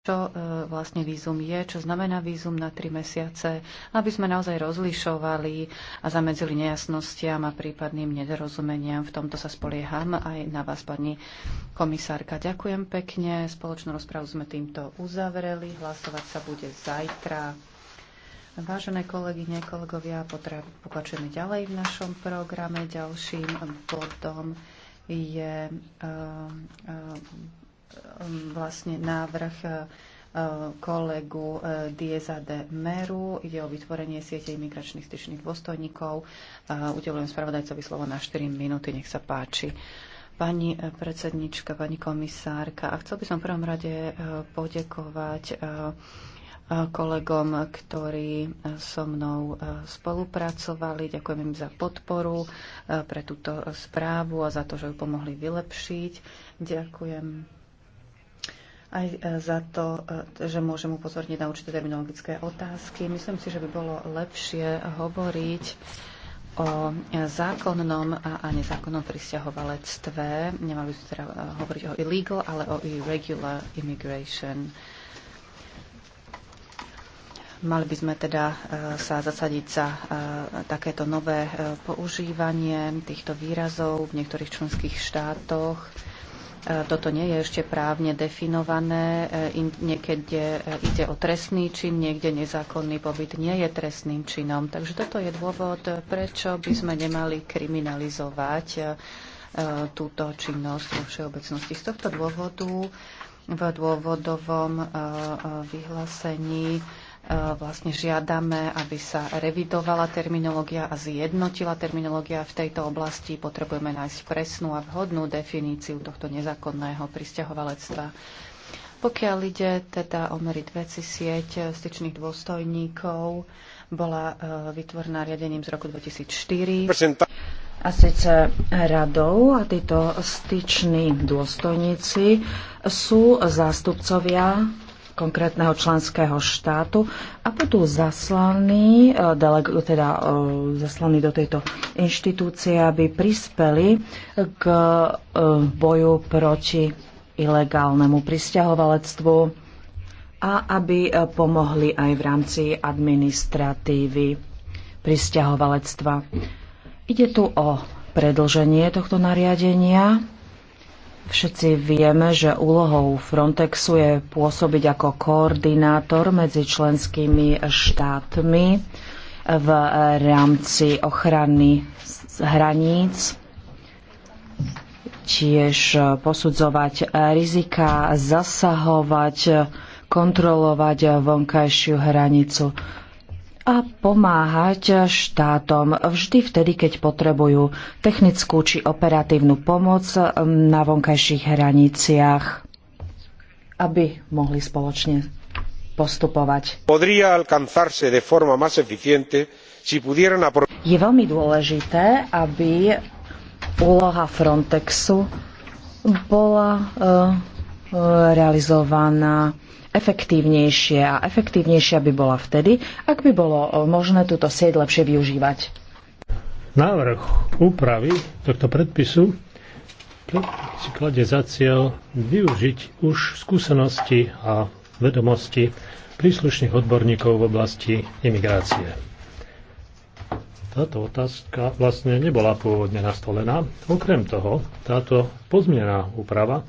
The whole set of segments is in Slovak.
čo e, vlastne vízum je, čo znamená vízum na tri mesiace, aby sme naozaj rozlišovali a zamedzili nejasnostiam a prípadným nedorozumeniam. V tomto sa spolieham aj na vás, pani komisárka. Ďakujem pekne. Spoločnú rozpravu sme týmto uzavreli. Hlasovať sa bude zajtra. Vážené kolegyne, kolegovia, pokračujeme ďalej v našom programe. Ďalším bodom je uh, uh, Um, vlastne návrh uh, kolegu uh, Dieza de Meru. Ide o vytvorenie siete imigračných styčných dôstojníkov. Uh, udelujem spravodajcovi slovo na 4 minúty. Nech sa páči. Pani predsednička, pani komisárka, a chcel by som v prvom rade podekovať kolegom, ktorí so mnou spolupracovali. Ďakujem im za podporu pre túto správu a za to, že ju pomohli vylepšiť. Ďakujem aj e, za to, e, že môžem upozorniť na určité terminologické otázky. Myslím si, že by bolo lepšie hovoriť o e, zákonnom a nezákonnom pristahovalectve. Nemali by sme teda hovoriť o illegal, ale o irregular immigration. Mali by sme teda sa zasadiť za takéto nové používanie týchto výrazov v niektorých členských štátoch E, toto nie je ešte právne definované. E, niekedy e, ide o trestný čin, niekde nezákonný pobyt nie je trestným činom. Takže toto je dôvod, prečo by sme nemali kriminalizovať túto činnosť vo všeobecnosti. Z tohto dôvodu v dôvodovom vyhlásení E, vlastne žiadame, aby sa revidovala terminológia a zjednotila terminológia v tejto oblasti. Potrebujeme nájsť presnú a vhodnú definíciu tohto nezákonného pristahovalectva. Pokiaľ ide teda o merit veci sieť styčných dôstojníkov, bola e, vytvorená riadením z roku 2004 a síce radou a títo styční dôstojníci sú zástupcovia konkrétneho členského štátu a budú zaslaní, e, teda e, zaslaní do tejto inštitúcie, aby prispeli k e, boju proti ilegálnemu pristahovalectvu a aby pomohli aj v rámci administratívy pristahovalectva. Ide tu o predlženie tohto nariadenia Všetci vieme, že úlohou Frontexu je pôsobiť ako koordinátor medzi členskými štátmi v rámci ochrany hraníc tiež posudzovať rizika, zasahovať, kontrolovať vonkajšiu hranicu a pomáhať štátom vždy vtedy, keď potrebujú technickú či operatívnu pomoc mm, na vonkajších hraniciach, aby mohli spoločne postupovať. Je veľmi dôležité, aby úloha Frontexu bola eh, realizovaná efektívnejšie a efektívnejšia by bola vtedy, ak by bolo e, možné túto sieť lepšie využívať. Návrh úpravy tohto predpisu si kladie za cieľ využiť už skúsenosti a vedomosti príslušných odborníkov v oblasti imigrácie. Táto otázka vlastne nebola pôvodne nastolená. Okrem toho, táto pozmienená úprava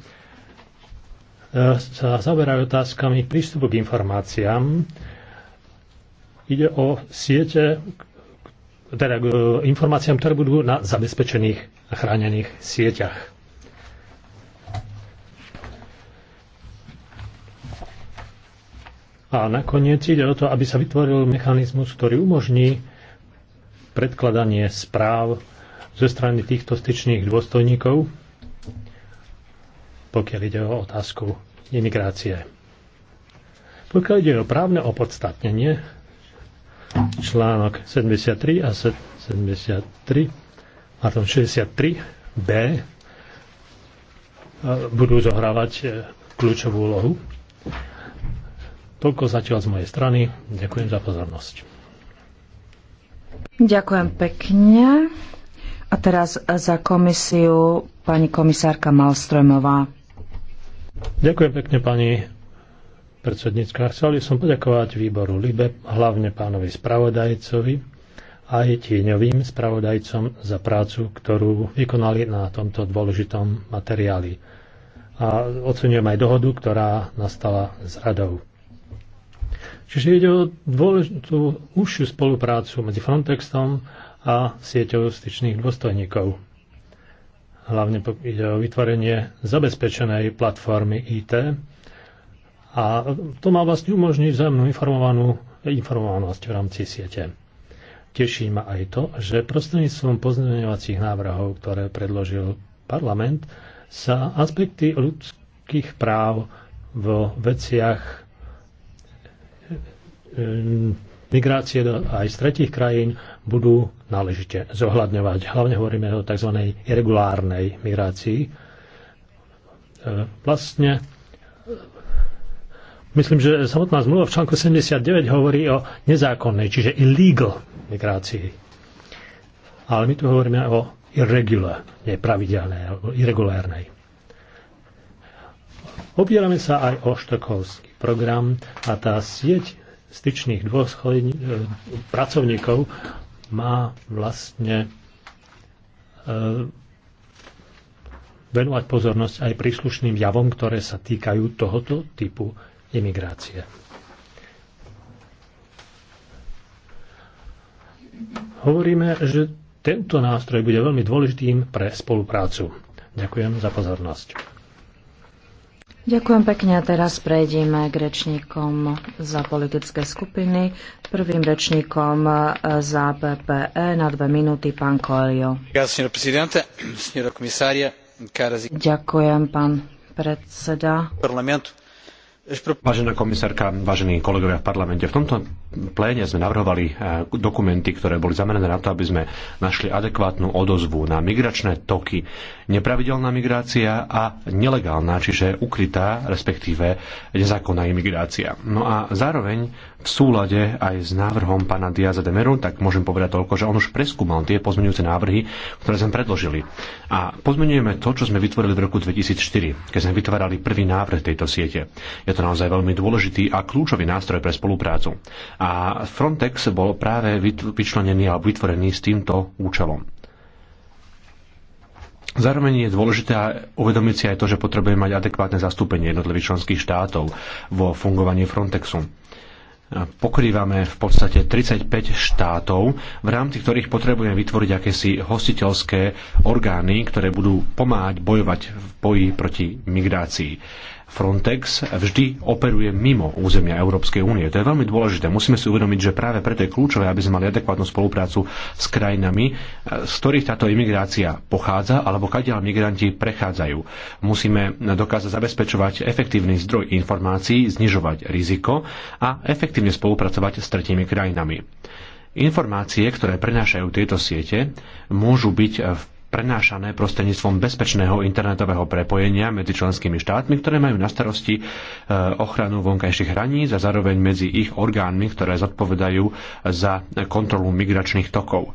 sa zaoberajú otázkami prístupu k informáciám. Ide o siete, teda k informáciám, ktoré budú na zabezpečených a chránených sieťach. A nakoniec ide o to, aby sa vytvoril mechanizmus, ktorý umožní predkladanie správ zo strany týchto styčných dôstojníkov pokiaľ ide o otázku imigrácie. Pokiaľ ide o právne opodstatnenie, článok 73 a 73, a 63b budú zohrávať e, kľúčovú úlohu. Toľko zatiaľ z mojej strany. Ďakujem za pozornosť. Ďakujem pekne. A teraz za komisiu pani komisárka Malstromová. Ďakujem pekne, pani predsednícka. Chcel som poďakovať výboru LIBE, hlavne pánovi spravodajcovi a aj tieňovým spravodajcom za prácu, ktorú vykonali na tomto dôležitom materiáli. A ocenujem aj dohodu, ktorá nastala s radou. Čiže ide o dôležitú užšiu spoluprácu medzi Frontextom a sieťou styčných dôstojníkov. Hlavne ide o vytvorenie zabezpečenej platformy IT. A to má vlastne umožniť vzájomnú informovanú informovanosť v rámci siete. Teší ma aj to, že prostredníctvom pozmeňovacích návrhov, ktoré predložil parlament, sa aspekty ľudských práv vo veciach e, e, migrácie do, aj z tretich krajín budú náležite zohľadňovať. Hlavne hovoríme o tzv. irregulárnej migrácii. E, vlastne myslím, že samotná zmluva v článku 79 hovorí o nezákonnej, čiže illegal migrácii. Ale my tu hovoríme o irregular, nepravidelnej alebo irregulárnej. Opierame sa aj o štokovský program a tá sieť styčných dôschodní, e, pracovníkov má vlastne e, venovať pozornosť aj príslušným javom, ktoré sa týkajú tohoto typu imigrácie. Hovoríme, že tento nástroj bude veľmi dôležitým pre spoluprácu. Ďakujem za pozornosť. Ďakujem pekne a teraz prejdeme k rečníkom za politické skupiny. Prvým rečníkom e, za PPE na dve minúty pán Koelio. E- Ďakujem, pán predseda. Vážená komisárka, vážení kolegovia v parlamente, v tomto pléne sme navrhovali e, dokumenty, ktoré boli zamerané na to, aby sme našli adekvátnu odozvu na migračné toky, nepravidelná migrácia a nelegálna, čiže ukrytá, respektíve nezákonná imigrácia. No a zároveň v súlade aj s návrhom pána Diaza de Meru, tak môžem povedať toľko, že on už preskúmal tie pozmenujúce návrhy, ktoré sme predložili. A pozmenujeme to, čo sme vytvorili v roku 2004, keď sme vytvárali prvý návrh tejto siete. Je to naozaj veľmi dôležitý a kľúčový nástroj pre spoluprácu. A Frontex bol práve vyčlenený alebo vytvorený s týmto účelom. Zároveň je dôležité uvedomiť si aj to, že potrebujeme mať adekvátne zastúpenie jednotlivých členských štátov vo fungovaní Frontexu pokrývame v podstate 35 štátov, v rámci ktorých potrebujeme vytvoriť akési hostiteľské orgány, ktoré budú pomáhať bojovať v boji proti migrácii. Frontex vždy operuje mimo územia Európskej únie. To je veľmi dôležité. Musíme si uvedomiť, že práve preto je kľúčové, aby sme mali adekvátnu spoluprácu s krajinami, z ktorých táto imigrácia pochádza alebo kadiaľ migranti prechádzajú. Musíme dokázať zabezpečovať efektívny zdroj informácií, znižovať riziko a efektívne spolupracovať s tretími krajinami. Informácie, ktoré prenášajú tieto siete, môžu byť v prenášané prostredníctvom bezpečného internetového prepojenia medzi členskými štátmi, ktoré majú na starosti e, ochranu vonkajších hraníc a zároveň medzi ich orgánmi, ktoré zodpovedajú za kontrolu migračných tokov.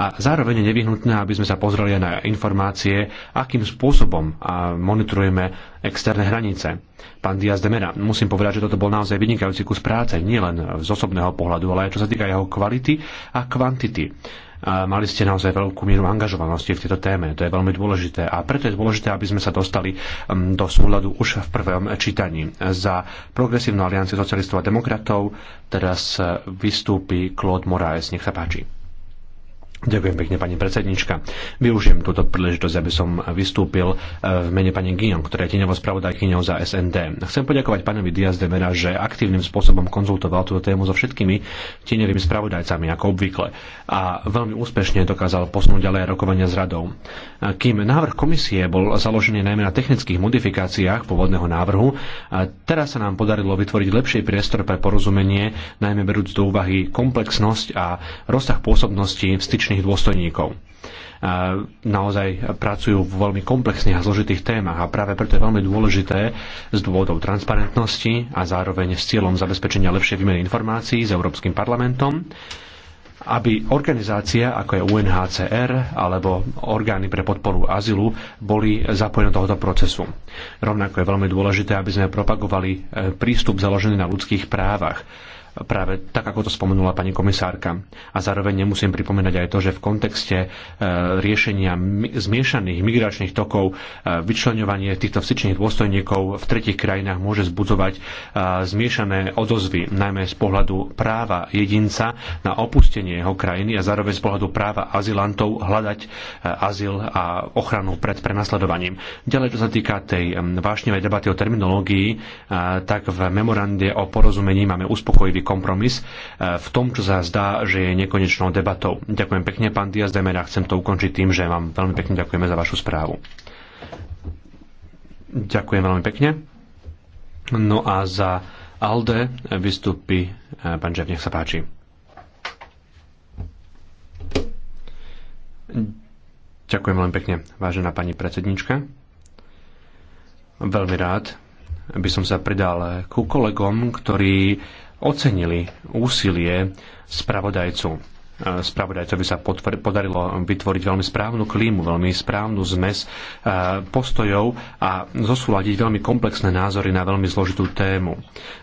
A zároveň je nevyhnutné, aby sme sa pozreli na informácie, akým spôsobom monitorujeme externé hranice. Pán Diaz de Mera, musím povedať, že toto bol naozaj vynikajúci kus práce, nielen z osobného pohľadu, ale aj čo sa týka jeho kvality a kvantity. A mali ste naozaj veľkú mieru angažovanosti v tejto téme. To je veľmi dôležité. A preto je dôležité, aby sme sa dostali do súhľadu už v prvom čítaní. Za Progresívnu alianciu socialistov a demokratov teraz vystúpi Claude Moraes. Nech sa páči. Ďakujem pekne, pani predsednička. Využijem túto príležitosť, aby som vystúpil e, v mene pani Gion, ktorá je tieňovo spravodajkyňou za SND. Chcem poďakovať pánovi Diaz de Mera, že aktívnym spôsobom konzultoval túto tému so všetkými tieňovými spravodajcami, ako obvykle, a veľmi úspešne dokázal posunúť ďalej rokovania s radou. E, kým návrh komisie bol založený najmä na technických modifikáciách pôvodného návrhu, e, teraz sa nám podarilo vytvoriť lepší priestor pre porozumenie, najmä berúc do úvahy komplexnosť a rozsah pôsobnosti styčných styčných dôstojníkov naozaj pracujú v veľmi komplexných a zložitých témach a práve preto je veľmi dôležité z dôvodov transparentnosti a zároveň s cieľom zabezpečenia lepšej výmeny informácií s Európskym parlamentom aby organizácia ako je UNHCR alebo orgány pre podporu azylu boli zapojené do tohoto procesu. Rovnako je veľmi dôležité, aby sme propagovali e, prístup založený na ľudských právach práve tak, ako to spomenula pani komisárka. A zároveň nemusím pripomenať aj to, že v kontexte e, riešenia zmiešaných migračných tokov e, vyčlenovanie týchto vsičných dôstojníkov v tretich krajinách môže zbudzovať e, zmiešané odozvy, najmä z pohľadu práva jedinca na opustenie jeho krajiny a zároveň z pohľadu práva azylantov hľadať azyl a ochranu pred prenasledovaním. Ďalej, čo sa týka tej vášnevej debaty o terminológii, tak v memorande o porozumení máme uspokojivý politický kompromis e, v tom, čo sa zdá, že je nekonečnou debatou. Ďakujem pekne, pán Diaz a Chcem to ukončiť tým, že vám veľmi pekne ďakujeme za vašu správu. Ďakujem veľmi pekne. No a za ALDE vystúpi e, pán Žev, nech sa páči. Ďakujem veľmi pekne, vážená pani predsednička. Veľmi rád by som sa pridal ku kolegom, ktorí ocenili úsilie spravodajcu spravodajcovi sa podarilo vytvoriť veľmi správnu klímu, veľmi správnu zmes e, postojov a zosúľadiť veľmi komplexné názory na veľmi zložitú tému.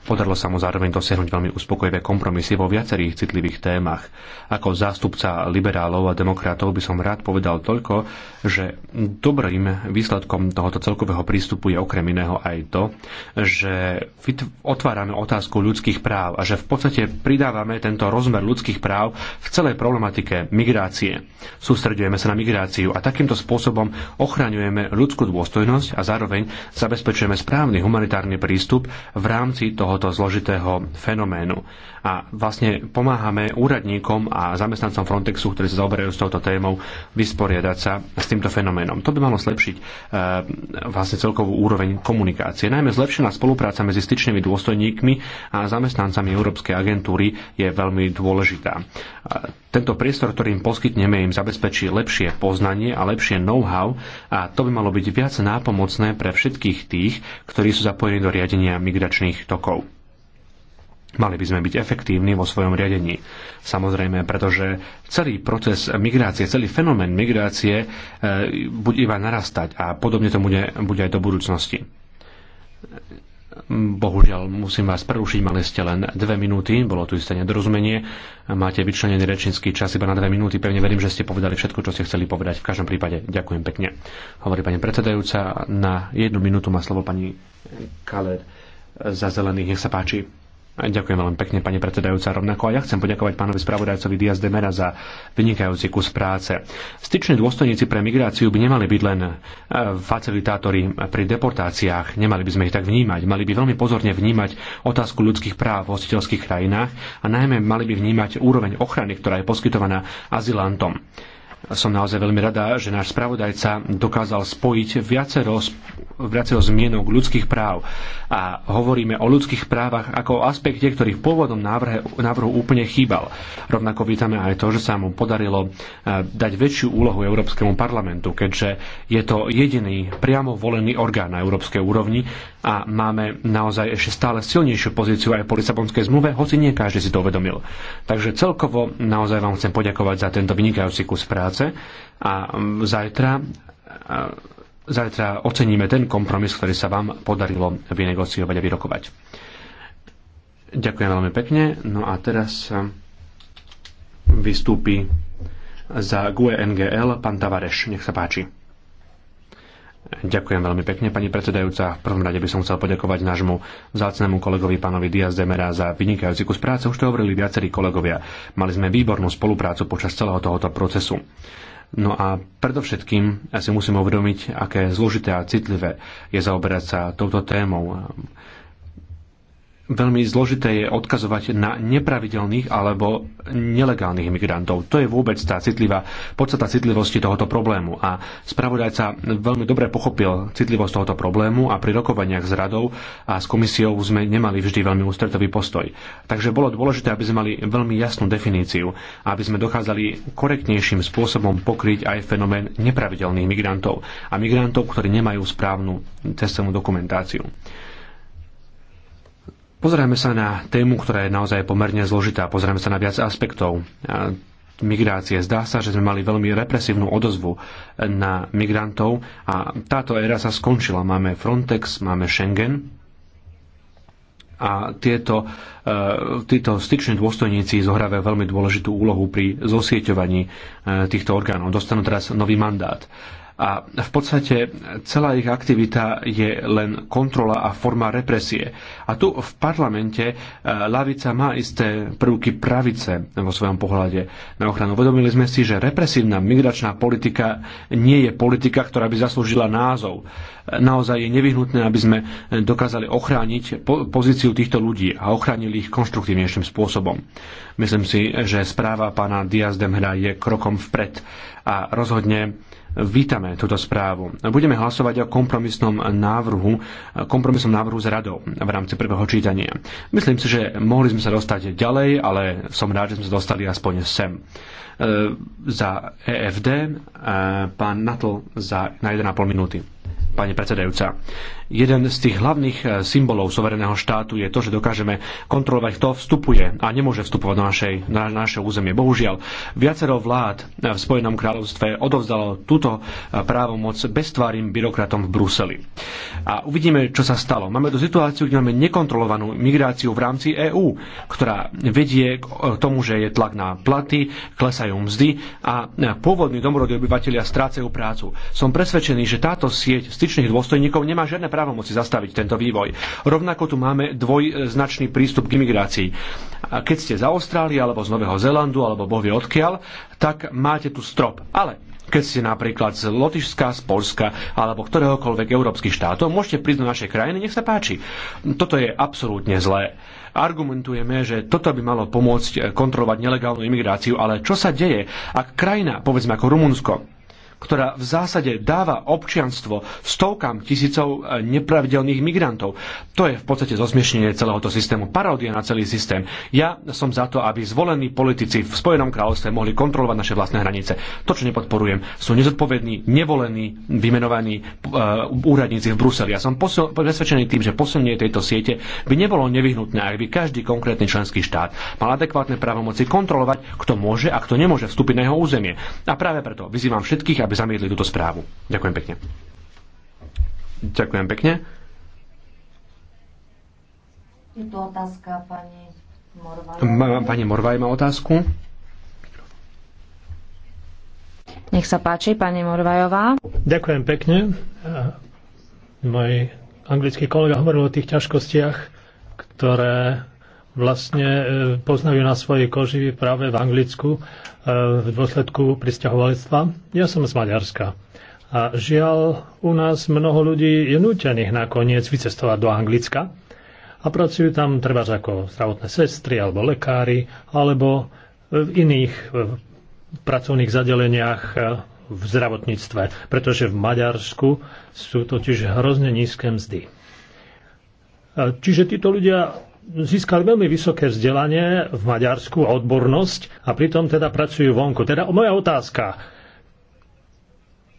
Podarilo sa mu zároveň dosiahnuť veľmi uspokojivé kompromisy vo viacerých citlivých témach. Ako zástupca liberálov a demokratov by som rád povedal toľko, že dobrým výsledkom tohoto celkového prístupu je okrem iného aj to, že otvárame otázku ľudských práv a že v podstate pridávame tento rozmer ľudských práv v celé celej problematike migrácie. Sústredujeme sa na migráciu a takýmto spôsobom ochraňujeme ľudskú dôstojnosť a zároveň zabezpečujeme správny humanitárny prístup v rámci tohoto zložitého fenoménu a vlastne pomáhame úradníkom a zamestnancom Frontexu, ktorí sa zaoberajú s touto témou, vysporiadať sa s týmto fenoménom. To by malo zlepšiť e, vlastne celkovú úroveň komunikácie. Najmä zlepšená spolupráca medzi styčnými dôstojníkmi a zamestnancami Európskej agentúry je veľmi dôležitá. Tento priestor, ktorý im poskytneme, im zabezpečí lepšie poznanie a lepšie know-how a to by malo byť viac nápomocné pre všetkých tých, ktorí sú zapojení do riadenia migračných tokov. Mali by sme byť efektívni vo svojom riadení. Samozrejme, pretože celý proces migrácie, celý fenomén migrácie e, bude iba narastať a podobne to bude, bude aj do budúcnosti. Bohužiaľ, musím vás prerušiť, mali ste len dve minúty, bolo tu isté nedorozumenie. Máte vyčlenený rečnícky čas iba na dve minúty, pevne verím, že ste povedali všetko, čo ste chceli povedať. V každom prípade ďakujem pekne. Hovorí pani predsedajúca, na jednu minútu má slovo pani Kaler za zelených, nech sa páči. Ďakujem veľmi pekne, pani predsedajúca. Rovnako a ja chcem poďakovať pánovi spravodajcovi Diaz de Mera za vynikajúci kus práce. Styční dôstojníci pre migráciu by nemali byť len e, facilitátori pri deportáciách, nemali by sme ich tak vnímať. Mali by veľmi pozorne vnímať otázku ľudských práv v hostiteľských krajinách a najmä mali by vnímať úroveň ochrany, ktorá je poskytovaná azilantom som naozaj veľmi rada, že náš spravodajca dokázal spojiť viacero, viacero zmienok ľudských práv a hovoríme o ľudských právach ako o aspekte, ktorý v pôvodnom návrhe, návrhu úplne chýbal. Rovnako vítame aj to, že sa mu podarilo e, dať väčšiu úlohu Európskemu parlamentu, keďže je to jediný priamo volený orgán na európskej úrovni a máme naozaj ešte stále silnejšiu pozíciu aj po Lisabonskej zmluve, hoci nie každý si to uvedomil. Takže celkovo naozaj vám chcem poďakovať za tento vynikajúci kus práce a zajtra zajtra oceníme ten kompromis, ktorý sa vám podarilo vynegociovať a vyrokovať. Ďakujem veľmi pekne. No a teraz eh, vystúpi za GUE NGL pán Tavareš. Nech sa páči. Ďakujem veľmi pekne, pani predsedajúca. V prvom rade by som chcel poďakovať nášmu zácnemu kolegovi pánovi Diaz Demera za vynikajúci kus práce. Už to hovorili viacerí kolegovia. Mali sme výbornú spoluprácu počas celého tohoto procesu. No a predovšetkým si musíme uvedomiť, aké zložité a citlivé je zaoberať sa touto témou veľmi zložité je odkazovať na nepravidelných alebo nelegálnych imigrantov. To je vôbec tá citlivá, podstata citlivosti tohoto problému. A spravodajca veľmi dobre pochopil citlivosť tohoto problému a pri rokovaniach s radou a s komisiou sme nemali vždy veľmi ústretový postoj. Takže bolo dôležité, aby sme mali veľmi jasnú definíciu a aby sme dokázali korektnejším spôsobom pokryť aj fenomén nepravidelných migrantov a migrantov, ktorí nemajú správnu cestovnú dokumentáciu. Pozrieme sa na tému, ktorá je naozaj pomerne zložitá. Pozrieme sa na viac aspektov e, migrácie. Zdá sa, že sme mali veľmi represívnu odozvu na migrantov a táto éra sa skončila. Máme Frontex, máme Schengen, a tieto, e, títo styční dôstojníci zohrávajú veľmi dôležitú úlohu pri zosieťovaní e, týchto orgánov. Dostanú teraz nový mandát a v podstate celá ich aktivita je len kontrola a forma represie. A tu v parlamente e, lavica má isté prvky pravice vo svojom pohľade na ochranu. Uvedomili sme si, že represívna migračná politika nie je politika, ktorá by zaslúžila názov. Naozaj je nevyhnutné, aby sme dokázali ochrániť pozíciu týchto ľudí a ochránili ich konštruktívnejším spôsobom. Myslím si, že správa pána Diaz Demhra je krokom vpred a rozhodne vítame túto správu. Budeme hlasovať o kompromisnom návrhu, kompromisnom návrhu s radou v rámci prvého čítania. Myslím si, že mohli sme sa dostať ďalej, ale som rád, že sme sa dostali aspoň sem. E, za EFD e, pán Natl za, na 1,5 minúty pani predsedajúca. Jeden z tých hlavných eh, symbolov suvereného štátu je to, že dokážeme kontrolovať, kto vstupuje a nemôže vstupovať na, našej, na naše územie. Bohužiaľ, viacero vlád eh, v Spojenom kráľovstve odovzdalo túto eh, právomoc beztvárým byrokratom v Bruseli. A uvidíme, čo sa stalo. Máme tu situáciu, kde máme nekontrolovanú migráciu v rámci EÚ, ktorá vedie k tomu, že je tlak na platy, klesajú mzdy a pôvodní domorodí obyvateľia strácajú prácu. Som presvedčený, že táto sieť justičných dôstojníkov nemá žiadne právomoci zastaviť tento vývoj. Rovnako tu máme dvojznačný prístup k imigrácii. A keď ste z Austrálie alebo z Nového Zélandu alebo bohvie odkiaľ, tak máte tu strop. Ale keď ste napríklad z Lotyšska, z Polska alebo ktoréhokoľvek európskych štátov, môžete prísť do našej krajiny, nech sa páči. Toto je absolútne zlé. Argumentujeme, že toto by malo pomôcť kontrolovať nelegálnu imigráciu, ale čo sa deje, ak krajina, povedzme ako Rumunsko, ktorá v zásade dáva občianstvo stovkám tisícov e, nepravidelných migrantov. To je v podstate zosmiešnenie celého toho systému, paródia na celý systém. Ja som za to, aby zvolení politici v Spojenom kráľovstve mohli kontrolovať naše vlastné hranice. To, čo nepodporujem, sú nezodpovední, nevolení, vymenovaní uh, úradníci v Bruseli. Ja som posil, presvedčený tým, že posilnenie tejto siete by nebolo nevyhnutné, ak by každý konkrétny členský štát mal adekvátne právomoci kontrolovať, kto môže a kto nemôže vstúpiť na jeho územie. A práve preto vyzývam všetkých, aby zamietli túto správu. Ďakujem pekne. Ďakujem pekne. Je tu otázka pani Morvaj. Pani Morvaj má otázku. Nech sa páči, pani Morvajová. Ďakujem pekne. Môj anglický kolega hovoril o tých ťažkostiach, ktoré vlastne e, poznajú na svojej koži práve v Anglicku e, v dôsledku pristahovalectva. Ja som z Maďarska. A žiaľ, u nás mnoho ľudí je nutených nakoniec vycestovať do Anglicka a pracujú tam treba ako zdravotné sestry alebo lekári alebo e, v iných pracovných zadeleniach v zdravotníctve, pretože v Maďarsku sú totiž hrozne nízke mzdy. Čiže títo ľudia získali veľmi vysoké vzdelanie v Maďarsku a odbornosť a pritom teda pracujú vonku. Teda moja otázka.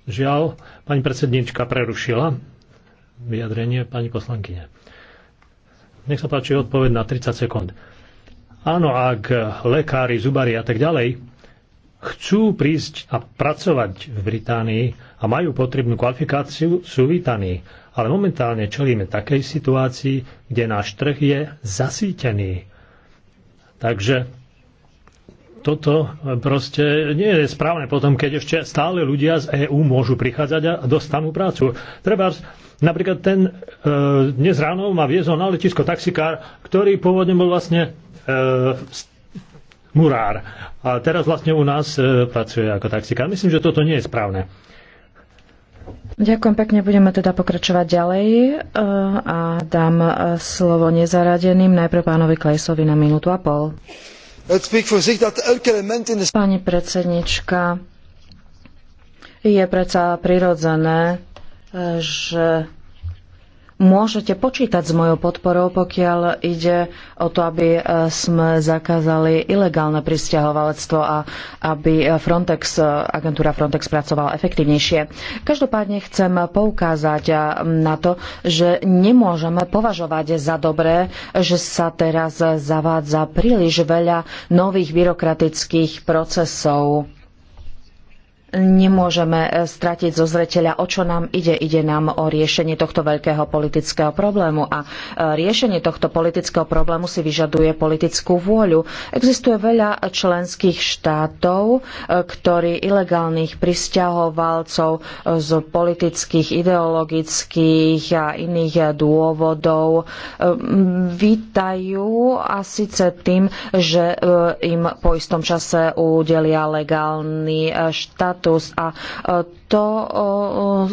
Žiaľ, pani predsednička prerušila vyjadrenie pani poslankyne. Nech sa páči odpoveď na 30 sekúnd. Áno, ak lekári, zubári a tak ďalej chcú prísť a pracovať v Británii a majú potrebnú kvalifikáciu, sú vítaní. Ale momentálne čelíme takej situácii, kde náš trh je zasítený. Takže toto proste nie je správne potom, keď ešte stále ľudia z EÚ môžu prichádzať a dostanú prácu. Treba napríklad ten e, dnes ráno ma viezol na letisko taxikár, ktorý pôvodne bol vlastne e, murár. A teraz vlastne u nás e, pracuje ako taxikár. Myslím, že toto nie je správne. Ďakujem pekne, budeme teda pokračovať ďalej eh, a dám eh, slovo nezaradeným najprv pánovi Klejsovi na minútu a pol. Pani predsednička, je predsa prirodzené, eh, že Môžete počítať s mojou podporou, pokiaľ ide o to, aby e, sme zakázali ilegálne pristahovalectvo a aby e, Frontex, e, agentúra Frontex pracovala efektívnejšie. Každopádne chcem poukázať na to, že nemôžeme považovať za dobré, že sa teraz zavádza príliš veľa nových byrokratických procesov nemôžeme e, stratiť zo zreteľa, o čo nám ide. Ide nám o riešenie tohto veľkého politického problému a e, riešenie tohto politického problému si vyžaduje politickú vôľu. Existuje veľa členských štátov, e, ktorí ilegálnych pristahovalcov z politických, ideologických a iných dôvodov vítajú a síce tým, že im po istom čase udelia legálny štát status a e, to,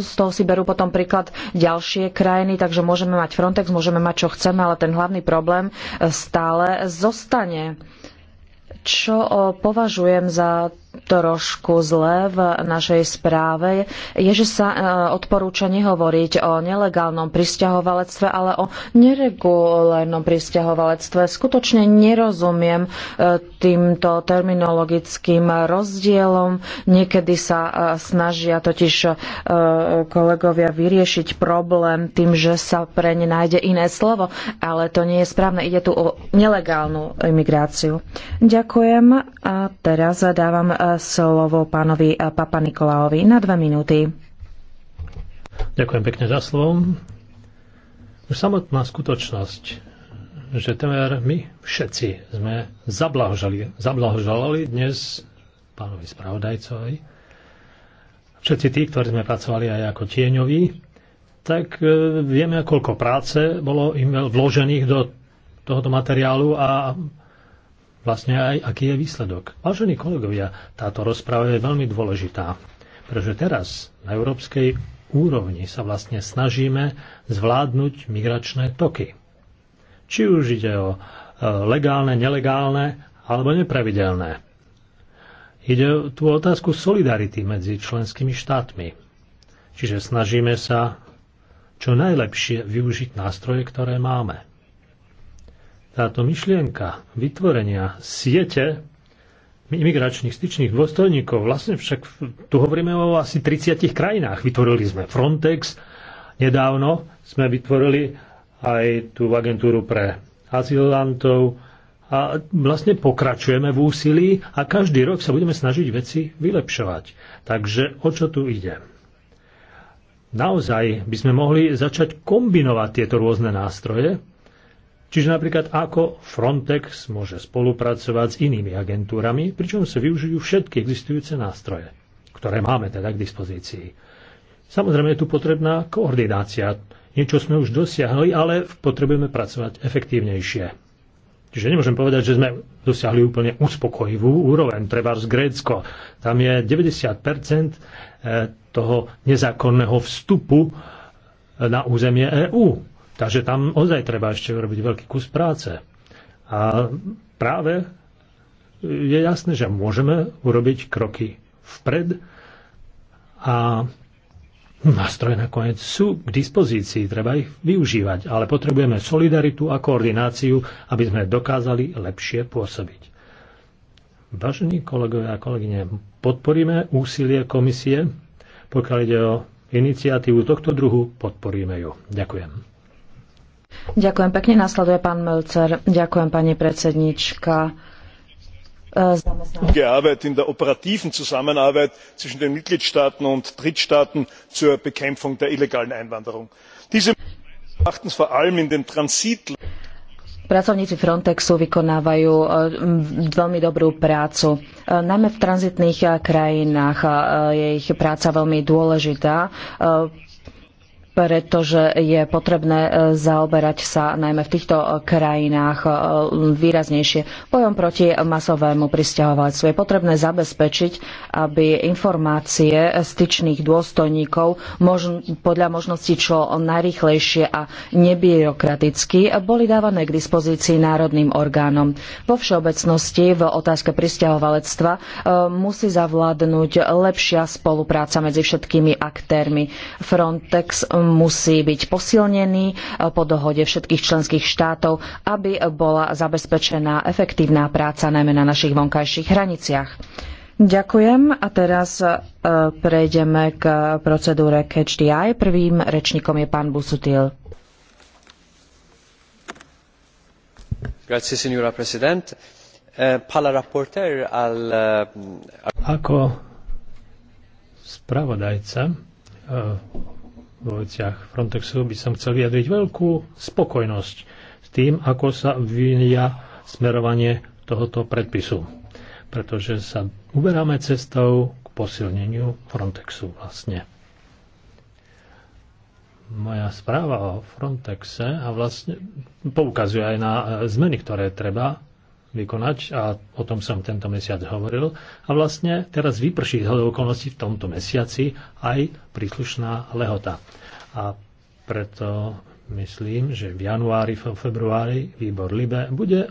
z toho si berú potom príklad ďalšie krajiny, takže môžeme mať Frontex, môžeme mať čo chceme, ale ten hlavný problém e, stále zostane. Čo považujem za trošku zle v našej správe, je, že sa e, odporúča nehovoriť o nelegálnom pristahovalectve, ale o neregulárnom pristahovalectve. Skutočne nerozumiem e, týmto terminologickým rozdielom. Niekedy sa e, snažia totiž kolegovia vyriešiť problém tým, že sa pre ne nájde iné slovo, ale to nie je správne. Ide tu o nelegálnu imigráciu. Ďakujem a teraz dávam slovo pánovi eh, Papa Nikolaovi na dve minúty. Ďakujem pekne za slovo. Už samotná skutočnosť, že temer my všetci sme zablahožali, zablahožalali dnes pánovi spravodajcovi, všetci tí, ktorí sme pracovali aj ako tieňoví, tak eh, vieme, koľko práce bolo im vložených do tohoto materiálu a vlastne aj aký je výsledok. Vážení kolegovia, táto rozpráva je veľmi dôležitá, pretože teraz na európskej úrovni sa vlastne snažíme zvládnuť migračné toky. Či už ide o e, legálne, nelegálne alebo nepravidelné. Ide tu o otázku solidarity medzi členskými štátmi. Čiže snažíme sa čo najlepšie využiť nástroje, ktoré máme táto myšlienka vytvorenia siete imigračných styčných dôstojníkov, vlastne však tu hovoríme o asi 30 krajinách. Vytvorili sme Frontex, nedávno sme vytvorili aj tú agentúru pre azylantov a vlastne pokračujeme v úsilí a každý rok sa budeme snažiť veci vylepšovať. Takže o čo tu ide? Naozaj by sme mohli začať kombinovať tieto rôzne nástroje, Čiže napríklad ako Frontex môže spolupracovať s inými agentúrami, pričom sa využijú všetky existujúce nástroje, ktoré máme teda k dispozícii. Samozrejme je tu potrebná koordinácia. Niečo sme už dosiahli, ale potrebujeme pracovať efektívnejšie. Čiže nemôžem povedať, že sme dosiahli úplne uspokojivú úroveň. Treba z Grécko. Tam je 90% eh, toho nezákonného vstupu eh, na územie EÚ. Takže tam ozaj treba ešte urobiť veľký kus práce. A práve je jasné, že môžeme urobiť kroky vpred a nástroje nakoniec sú k dispozícii, treba ich využívať, ale potrebujeme solidaritu a koordináciu, aby sme dokázali lepšie pôsobiť. Vážení kolegovia a kolegyne, podporíme úsilie komisie, pokiaľ ide o iniciatívu tohto druhu, podporíme ju. Ďakujem. Ďakujem pekne. Nasleduje pán Melcer. Ďakujem pani predsednička. E, Arbeit in der operativen Zusammenarbeit zwischen den Mitgliedstaaten und Drittstaaten zur Bekämpfung der illegalen Einwanderung. Diese erachtens vor allem in den Transitländern. Pracovníci Frontexu vykonávajú e, veľmi dobrú prácu. E, najmä v tranzitných krajinách je ich práca veľmi dôležitá pretože je potrebné e, zaoberať sa najmä v týchto e, krajinách e, výraznejšie bojom proti masovému pristahovalectvu. Je potrebné zabezpečiť, aby informácie styčných dôstojníkov podľa možností čo najrychlejšie a nebyrokraticky boli dávané k dispozícii národným orgánom. Vo všeobecnosti v otázke pristahovalectva musí zavládnuť lepšia spolupráca medzi všetkými aktérmi. Frontex musí byť posilnený e, po dohode všetkých členských štátov, aby bola zabezpečená efektívna práca najmä na našich vonkajších hraniciach. Ďakujem a teraz e, prejdeme k procedúre Catch Prvým rečníkom je pán Busutil. Grazie, signora Presidente. E, pala rapporteur al... Ako spravodajca vo veciach Frontexu by som chcel vyjadriť veľkú spokojnosť s tým, ako sa vyvíja smerovanie tohoto predpisu, pretože sa uberáme cestou k posilneniu Frontexu vlastne. Moja správa o Frontexe a vlastne poukazuje aj na zmeny, ktoré treba vykonať a o tom som tento mesiac hovoril. A vlastne teraz vyprší z okolností v tomto mesiaci aj príslušná lehota. A preto myslím, že v januári, v februári výbor LIBE bude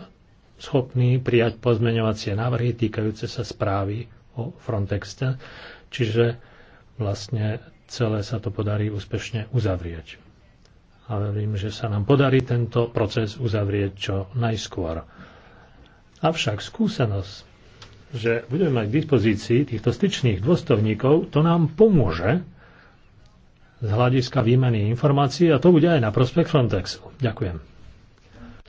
schopný prijať pozmeňovacie návrhy týkajúce sa správy o Frontexte, čiže vlastne celé sa to podarí úspešne uzavrieť. A verím, že sa nám podarí tento proces uzavrieť čo najskôr. Avšak skúsenosť, že budeme mať k dispozícii týchto styčných dôstovníkov, to nám pomôže z hľadiska výmeny informácií a to bude aj na prospekt Frontexu. Ďakujem.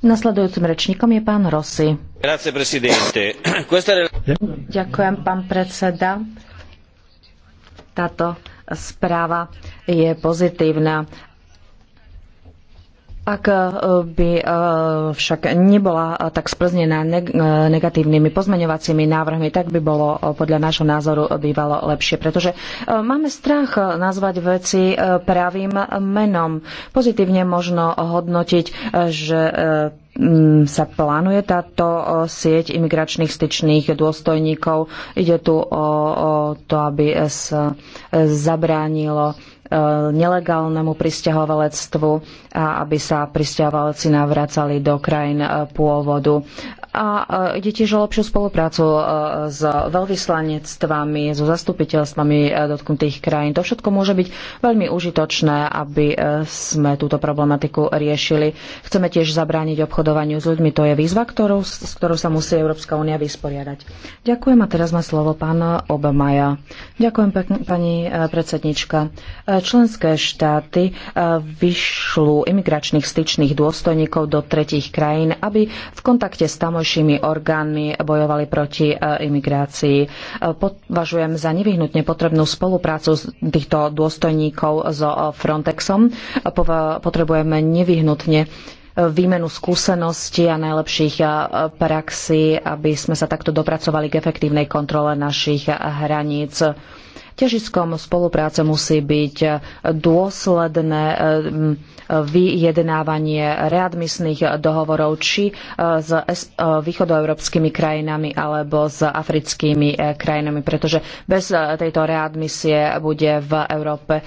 Nasledujúcim rečníkom je pán Rossi. Ďakujem. Ďakujem, pán predseda. Táto správa je pozitívna ak e, by e, však nebola e, tak splznená negatívnymi pozmeňovacími návrhmi, tak by bolo podľa nášho názoru bývalo lepšie, pretože máme strach nazvať veci pravým menom. Pozitívne možno hodnotiť, že sa plánuje táto sieť imigračných styčných dôstojníkov. Ide tu o, to, aby sa zabránilo nelegálnemu pristahovalectvu a aby sa pristahovalci navracali do krajín eh, pôvodu a e, ide tiež o lepšiu spoluprácu e, s veľvyslanectvami, so zastupiteľstvami e, dotknutých krajín. To všetko môže byť veľmi užitočné, aby sme túto problematiku riešili. Chceme tiež zabrániť obchodovaniu s ľuďmi. To je výzva, ktorú, s ktorou sa musí Európska únia vysporiadať. Ďakujem a teraz má slovo pán Obamaja. Ďakujem pekne, pani predsednička. Členské štáty vyšľú imigračných styčných dôstojníkov do tretích krajín, aby v kontakte s tamoj vonkajšími orgánmi bojovali proti e, imigrácii. E, považujem za nevyhnutne potrebnú spoluprácu týchto dôstojníkov so e, Frontexom. Potrebujeme nevyhnutne výmenu skúseností a najlepších praxí, aby sme sa takto dopracovali k efektívnej kontrole našich hraníc Ťažiskom spolupráce musí byť e, dôsledné e, vyjednávanie readmisných dohovorov či e, s východoeurópskymi krajinami alebo s africkými krajinami, pretože bez tejto readmisie bude v Európe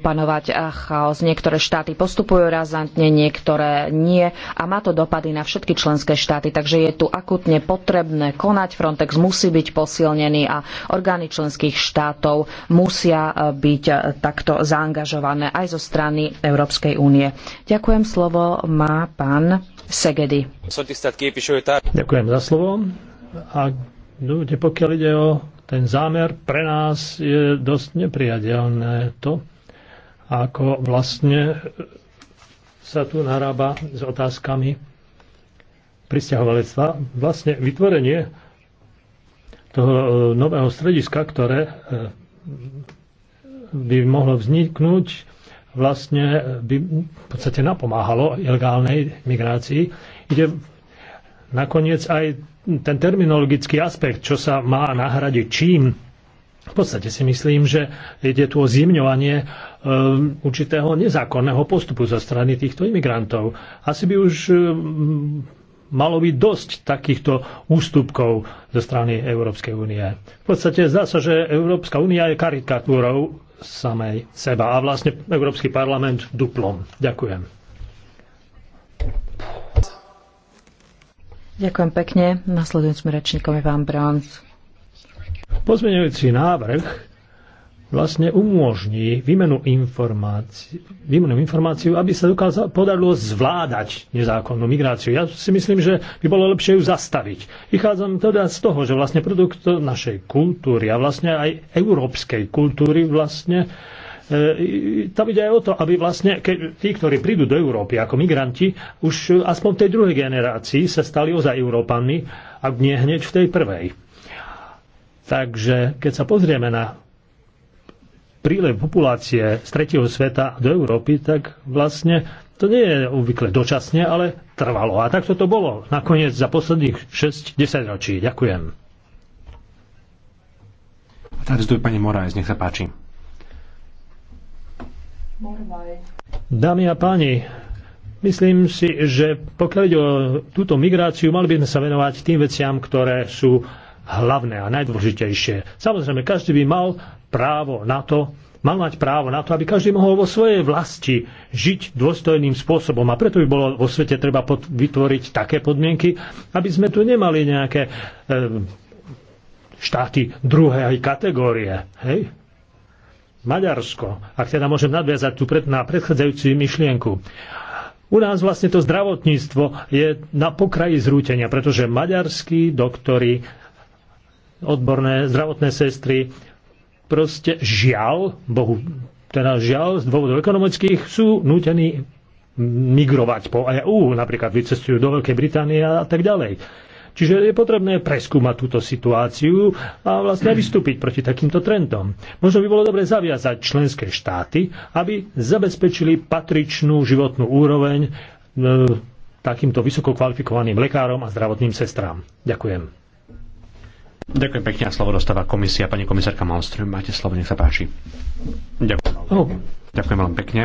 panovať chaos. Niektoré štáty postupujú razantne, niektoré nie a má to dopady na všetky členské štáty, takže je tu akutne potrebné konať. Frontex musí byť posilnený a orgány členských štátov štátov musia e, byť e, takto zaangažované aj zo strany Európskej únie. Ďakujem, slovo má pán Segedy. Ďakujem za slovo. A ľudia, no, pokiaľ ide o ten zámer, pre nás je dosť nepriateľné to, ako vlastne sa tu narába s otázkami pristahovalectva. Vlastne vytvorenie toho e, nového strediska, ktoré by mohlo vzniknúť, vlastne by v podstate napomáhalo ilegálnej migrácii. Ide nakoniec aj ten terminologický aspekt, čo sa má nahradiť čím, v podstate si myslím, že ide tu o zimňovanie e, určitého nezákonného postupu zo strany týchto imigrantov. Asi by už e, malo byť dosť takýchto ústupkov zo strany Európskej únie. V podstate zdá sa, že Európska únia je karikatúrou samej seba a vlastne Európsky parlament duplom. Ďakujem. Ďakujem pekne. Nasledujúcim rečníkom je pán Brons. Pozmeňujúci návrh vlastne umožní výmenu informácií, výmenu informáciu, aby sa dokázal, podarilo zvládať nezákonnú migráciu. Ja si myslím, že by bolo lepšie ju zastaviť. Vychádzam teda z toho, že vlastne produkt našej kultúry a vlastne aj európskej kultúry vlastne e, tam ide aj o to, aby vlastne keď tí, ktorí prídu do Európy ako migranti, už aspoň v tej druhej generácii sa stali ozaj Európanmi, ak nie hneď v tej prvej. Takže keď sa pozrieme na prílev populácie z tretieho sveta do Európy, tak vlastne to nie je obvykle dočasne, ale trvalo. A takto to bolo nakoniec za posledných 6-10 ročí. Ďakujem. A teraz tu je pani Moraes, nech sa páči. Dámy a páni, myslím si, že pokiaľ ide o túto migráciu, mali by sme sa venovať tým veciam, ktoré sú hlavné a najdôležitejšie. Samozrejme, každý by mal právo na to, mal mať právo na to, aby každý mohol vo svojej vlasti žiť dôstojným spôsobom. A preto by bolo vo svete treba pod, vytvoriť také podmienky, aby sme tu nemali nejaké e, štáty aj kategórie. Hej? Maďarsko, ak teda môžem nadviazať tu pred, na predchádzajúcu myšlienku. U nás vlastne to zdravotníctvo je na pokraji zrútenia, pretože maďarskí doktory odborné zdravotné sestry. Proste žiaľ, Bohu, teda žiaľ z dôvodov ekonomických sú nútení migrovať po EÚ, napríklad vycestujú do Veľkej Británie a tak ďalej. Čiže je potrebné preskúmať túto situáciu a vlastne vystúpiť proti takýmto trendom. Možno by bolo dobre zaviazať členské štáty, aby zabezpečili patričnú životnú úroveň e, takýmto vysoko kvalifikovaným lekárom a zdravotným sestrám. Ďakujem. Ďakujem pekne a slovo dostáva komisia. Pani komisárka Malmström, máte slovo, nech sa páči. Ďakujem. Oh, ďakujem veľmi pekne.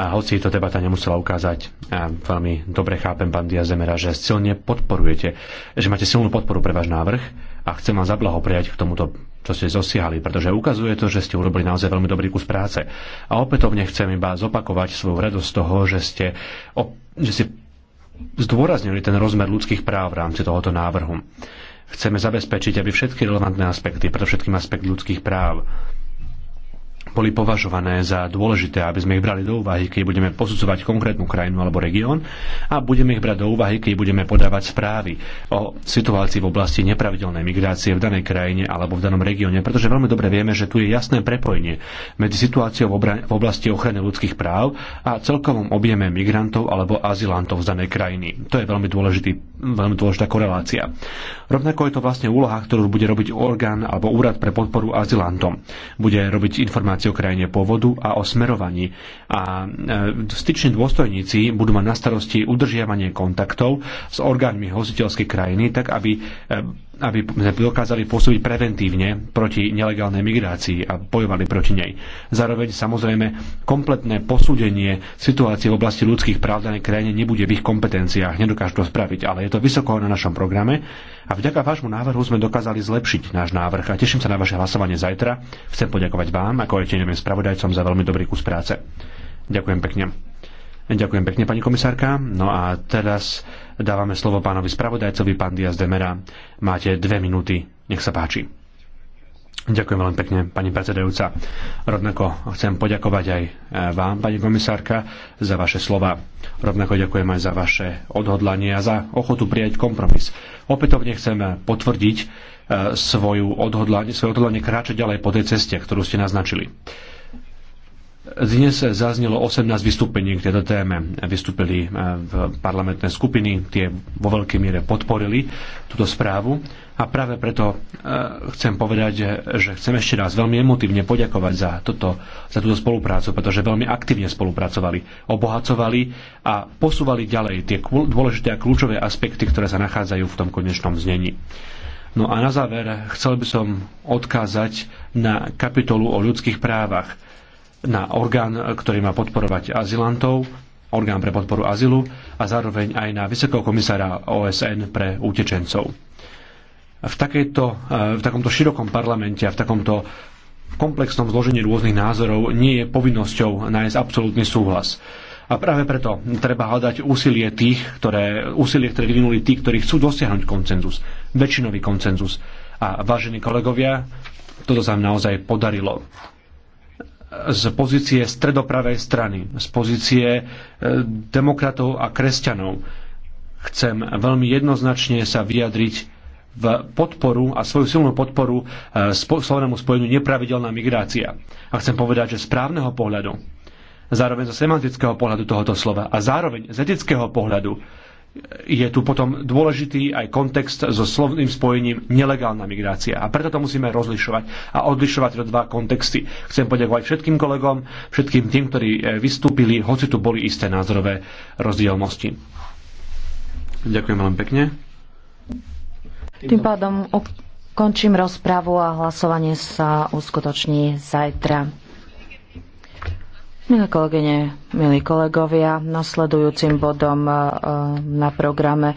A hoci to debata nemusela ukázať, a veľmi dobre chápem, pán zemera, že silne podporujete, že máte silnú podporu pre váš návrh a chcem vám zablahopriať k tomuto čo ste zosiahli, pretože ukazuje to, že ste urobili naozaj veľmi dobrý kus práce. A opätovne chcem iba zopakovať svoju radosť z toho, že ste, že ste zdôraznili ten rozmer ľudských práv v rámci tohoto návrhu. Chceme zabezpečiť, aby všetky relevantné aspekty, predovšetkým aspekt ľudských práv, boli považované za dôležité, aby sme ich brali do úvahy, keď budeme posudzovať konkrétnu krajinu alebo región a budeme ich brať do úvahy, keď budeme podávať správy o situácii v oblasti nepravidelnej migrácie v danej krajine alebo v danom regióne, pretože veľmi dobre vieme, že tu je jasné prepojenie medzi situáciou v oblasti ochrany ľudských práv a celkovom objeme migrantov alebo azylantov z danej krajiny. To je veľmi, dôležitý, veľmi dôležitá korelácia. Rovnako je to vlastne úloha, ktorú bude robiť orgán alebo úrad pre podporu azylantom. Bude robiť informácie informácie o krajine pôvodu a o smerovaní. A e, styční dôstojníci budú mať na starosti udržiavanie kontaktov s orgánmi hostiteľskej krajiny, tak aby e, aby sme dokázali pôsobiť preventívne proti nelegálnej migrácii a bojovali proti nej. Zároveň samozrejme kompletné posúdenie situácie v oblasti ľudských práv danej krajine nebude v ich kompetenciách, nedokážu to spraviť, ale je to vysoko na našom programe a vďaka vášmu návrhu sme dokázali zlepšiť náš návrh a teším sa na vaše hlasovanie zajtra. Chcem poďakovať vám, ako aj tieňovým spravodajcom za veľmi dobrý kus práce. Ďakujem pekne. Ďakujem pekne, pani komisárka. No a teraz dávame slovo pánovi spravodajcovi, pán Diaz Demera. Máte dve minúty. Nech sa páči. Ďakujem veľmi pekne, pani predsedajúca. Rovnako chcem poďakovať aj e, vám, pani komisárka, za vaše slova. Rovnako ďakujem aj za vaše odhodlanie a za ochotu prijať kompromis. Opätovne chcem potvrdiť e, svoju odhodlanie, svoje odhodlanie kráčať ďalej po tej ceste, ktorú ste naznačili. Dnes zaznelo 18 vystúpení k tejto téme. Vystúpili e, v parlamentné skupiny, tie vo veľkej miere podporili túto správu. A práve preto e, chcem povedať, že chcem ešte raz veľmi emotívne poďakovať za, toto, za túto spoluprácu, pretože veľmi aktívne spolupracovali, obohacovali a posúvali ďalej tie dôležité a kľúčové aspekty, ktoré sa nachádzajú v tom konečnom znení. No a na záver chcel by som odkázať na kapitolu o ľudských právach – na orgán, ktorý má podporovať azylantov, orgán pre podporu azylu a zároveň aj na vysokého komisára OSN pre utečencov. V, takejto, v takomto širokom parlamente a v takomto komplexnom zložení rôznych názorov nie je povinnosťou nájsť absolútny súhlas. A práve preto treba hľadať úsilie tých, ktoré, úsilie, ktoré vyvinuli tí, ktorí chcú dosiahnuť koncenzus, väčšinový koncenzus. A vážení kolegovia, toto sa nám naozaj podarilo z pozície stredopravej strany, z pozície e, demokratov a kresťanov. Chcem veľmi jednoznačne sa vyjadriť v podporu a svoju silnú podporu e, slovenému spojeniu nepravidelná migrácia. A chcem povedať, že z právneho pohľadu, zároveň zo semantického pohľadu tohoto slova a zároveň z etického pohľadu je tu potom dôležitý aj kontext so slovným spojením nelegálna migrácia. A preto to musíme rozlišovať a odlišovať do dva kontexty. Chcem poďakovať všetkým kolegom, všetkým tým, ktorí e, vystúpili, hoci tu boli isté názorové rozdielnosti. Ďakujem veľmi pekne. Tým pádom končím rozpravu a hlasovanie sa uskutoční zajtra. Milé kolegyne, milí kolegovia, nasledujúcim bodom eh, na programe